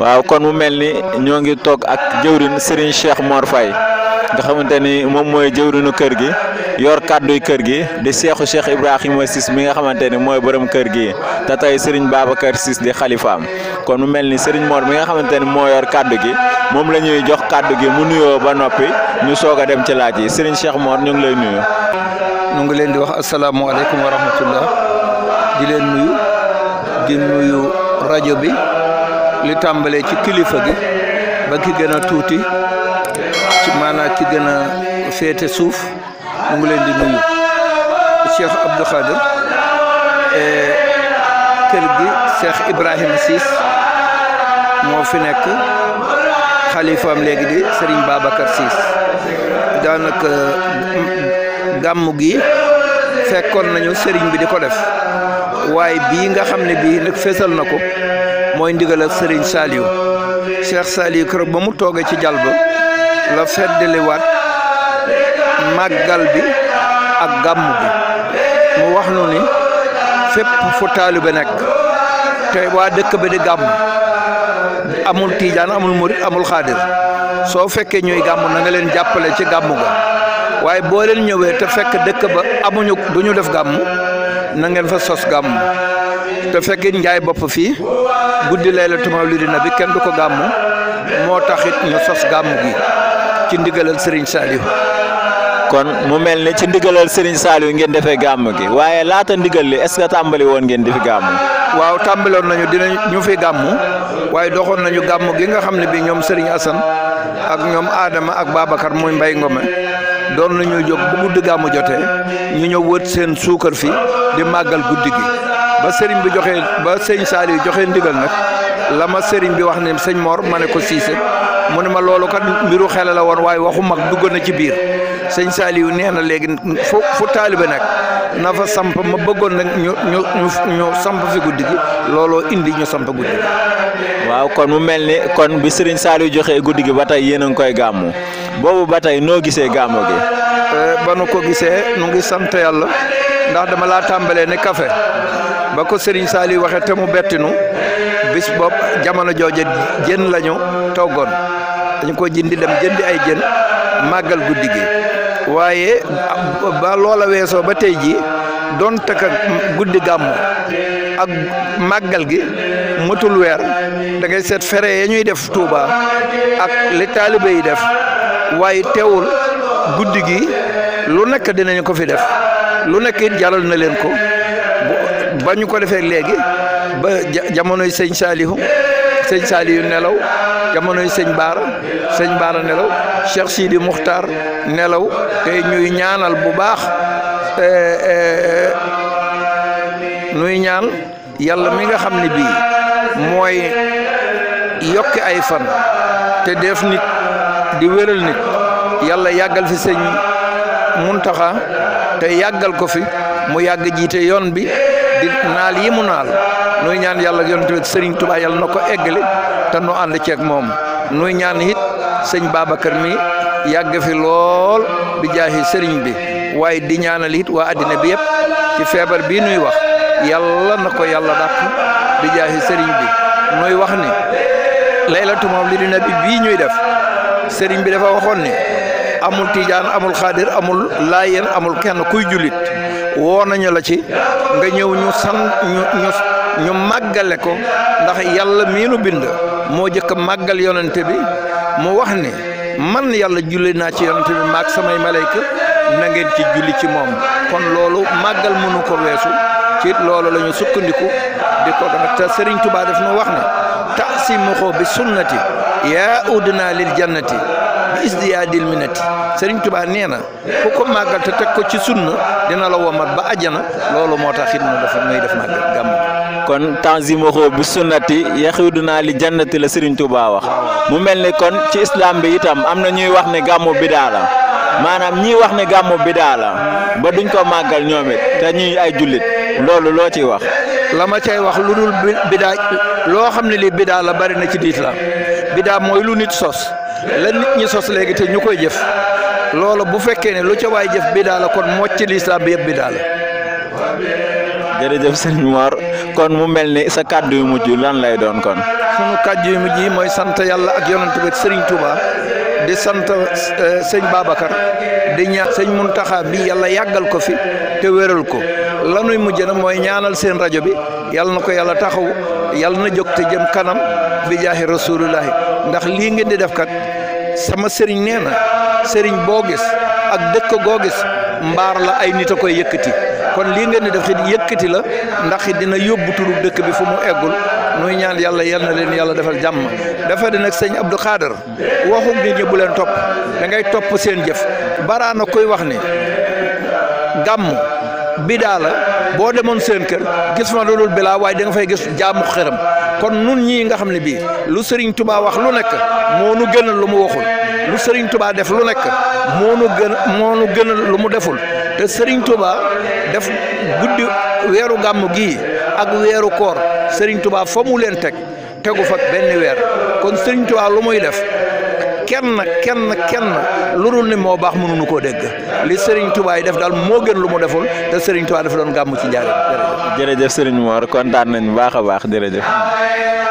waaw kon mu mel ni ñoo ngi toog ak jëwrin sëriñ Cheikh Mor Faye nga xamante ni moom mooy jëwrinu kër gi yor kàdduy kër gi di seexu Cheikh Ibrahima Ciss mi nga xamante ni mooy borom kër gi te tey Serigne Babacar Ciss di xalifaam kon mu mel ni sëriñ Mor mi nga xamante ni moo yor kàddu gi moom la ñuy jox kàddu gi mu nuyoo ba noppi ñu soog a dem ci laaj yi Serigne Cheikh Mor ñu ngi lay nuyu. ñu ngi leen di wax asalaamualeykum wa rahmatullah di leen nuyu di nuyu rajo bi li tàmbalee ci kilifa gi ba ki gën a tuuti ci ki gën seete suuf mu ngi leen di nuyu Cheikh Abdou Khadir e kër gi Cheikh Ibrahima Ciss moo fi nekk xalifaam léegi di Serigne Babacar Ciss daanaka mm, gàmmu gi fekkoon nañu sëriñ bi di ko def waaye bii nga xam ne bii nag feesal na ko mooy ndigal ak Serigne Saliou Cheikh Saliou keroog ba mu toogee ci jal ba la feddaliwaat màggal bi ak gàmm bi mu wax nu ni fépp fu taalibe nekk te waa dëkk ba di gàmm amul tiijaan amul murit amul xaadir soo fekkee ñuy gàmm na leen jàppale ci gàmm ko waaye boo leen ñëwee te fekk dëkk ba amuñu duñu def gàmm na ngeen fa sos gam te fekke njaay bopp fii guddi laylatul mawlidi nabi ken duko gam gàmmu taxit ñu sos gam gi ci ndigalal Serigne kon mu melni ci ndigalal Serigne Saliou ngeen defé gam gi la ta ndigal li est-ce que gamu, ngeen def gam waaw tambalon nañu dina ñu fi gam waye doxon nañu gam gi nga xamni bi ñom Serigne Assane ak ñom Adama ak babakar moy mbay ngoma doon nañu jóg bu guddi gàmmu jotee ñu ñëw wët seen suukar fi di màggal guddi gi ba sëriñ bi joxe ba sëñ Saliou joxe ndigal nag la ma sëriñ bi wax ne sëñ moor ma ne ko Cissé mu ne ma loolu kat mbiru xel la woon waaye waxu mag dugg na ci biir sëñ Saliou nee na léegi fu fu taalibe nag nafa samp ma bëggoon nag ñu ñu ñu samp fi guddigi looloo indi ñu samp guddigi waaw kon mu mel ni kon bi sëriñ saalu joxee guddigi ba tey yéen a ngi koy gàmmu boobu ba tey noo gisee gàmmu gi eh, ba nu ko gisee nu ngi sant yàlla ndax dama laa tàmbalee ni café ba ko sëriñ saalu waxee te mu bettinu bis boobu jamono jooje jën lañu toggoon dañu ko jindi dem jëndi ay jën màggal guddigi waaye ba loola weesoo ba tey ji doon takk guddi gàmmu ak màggal gi matul weer da ngay seet fere ya ñuy def Touba ak li taalibe yi def waaye teewul guddi gi lu nekk dinañ ko fi def lu nekk it jaral na leen ko ba ñu ko defee léegi ba jamonoy sëñ Saalihu sëñ Saliou nelaw jamonoy sëñ Baara sëñ Baara nelaw Cheikh Sidi Muxtaar nelaw tey ñuy ñaanal bu baax eh, eh, nuy ñaan yàlla mi nga xam ni bii mooy yokki ay fan te def nit di wëral nit yàlla yàggal fi sëñ Muntaxa te yàggal ko fi mu yàgg jiite yoon bi di naal yi mu naal nuy ñaan yàlla yonent bi Serigne Touba yàlla na ko eggale te nu ànd ceeg moom nuy ñaan it sëñ Babacar mi yàgg fi lool bi jaahi Serigne bi waaye di ñaanal it waa addina bi yëpp ci feebar bi nuy wax yàlla na ko yàlla dàq bi jaahi Serigne bi nuy wax ni laylatu mawlidi nabi bii ñuy def sëriñ bi dafa waxoon ni amul tijaan amul xaadir amul laayeen amul kenn kuy julit woo nañu la ci nga ñëw ñu san ñu ñu màggale ko ndax yàlla mii nu bind moo jëkk màggal yonente bi mu wax ni man yàlla julli naa ci yonente bi maag samay malayka na ngeen ci julli ci moom kon loolu màggal mënu ko weesu ci loolu la ñu sukkandiku di ko def te Serigne Touba daf nu wax ne taasimuxoo bi sunnati yaa naa lil jannati bi isdiyaadil minati Serigne Touba nee na ku ko màggal te teg ko ci sunna dina la womat ba ajana loolu moo tax it mu dafa muy def naa gàmm kon tanzimaho bi sunnati yaxiduna li jannati la Serigne Touba wax mu mel ni kon ci islaam bi itam am na ñuy wax ne gàmmu bidaa la maanaam ñi wax ne gàmmu bidaa la ba duñ ko màggal ñoom it te ñuy ay jullit loolu loo ciy wax. la ma cay wax lu dul bidaa loo xam ne lii bidaa la bari na ci diit la bidaa mooy lu nit sos la nit ñi sos léegi te ñu koy jëf loolu bu fekkee ne lu ca waay jëf bidaa la kon mocc lislaam bi yëpp bidaa la. kon mu mel ni sa kàddu yu mujj lan lay doon kon. sunu kàddu yu mujj yi mooy sant yàlla ak yonent bi Serigne Touba di sant eh, sëñ Babacar di ñaan sëñ Muntaxa bi yàlla yàggal ko fi te wéral ko lanuy mujj na mooy ñaanal seen rajo bi yàlla na ko yàlla taxaw yàlla na jóg te jëm kanam bi jaahi rasulullahi ndax lii ngeen di def kat sama sëriñ nee na sëriñ boo gis ak dëkk goo gis mbaar la ay nit a koy yëkkati. kon lii ngeen di def xit yëkkati la ndax dina yóbbu turu dëkk bi fu mu eggul nuy ñaan yàlla yal na leen yàlla defal jàmm dafa di nag sëñ Abdou Khader waxum nit ñi bu leen topp da ngay topp seen jëf baraana koy wax ni gàmm bidaa la boo demoon seen kër gis ma loolu bilaa waaye da fay gis jaamu xërëm kon nun ñii nga xam ne bii lu sëriñ tubaa wax lu nekk moo nu gënal lu mu waxul lu sëriñ tubaa def lu nekk moo gën moo nu gënal lu mu deful te Serigne Touba def guddi weeru gàmm gii ak weeru koor sëriñ tubaa fa mu leen teg tegu fa benn weer kon Serigne Touba lu muy def kenn kenn kenn lu dul ni moo baax mënuñu koo dégg li Serigne Touba yi def daal moo gën lu mu deful te Serigne Touba dafa doon gàmm ci njaare jërëjëf Serigne Mor kontaan nañu baax baax jërëjëf.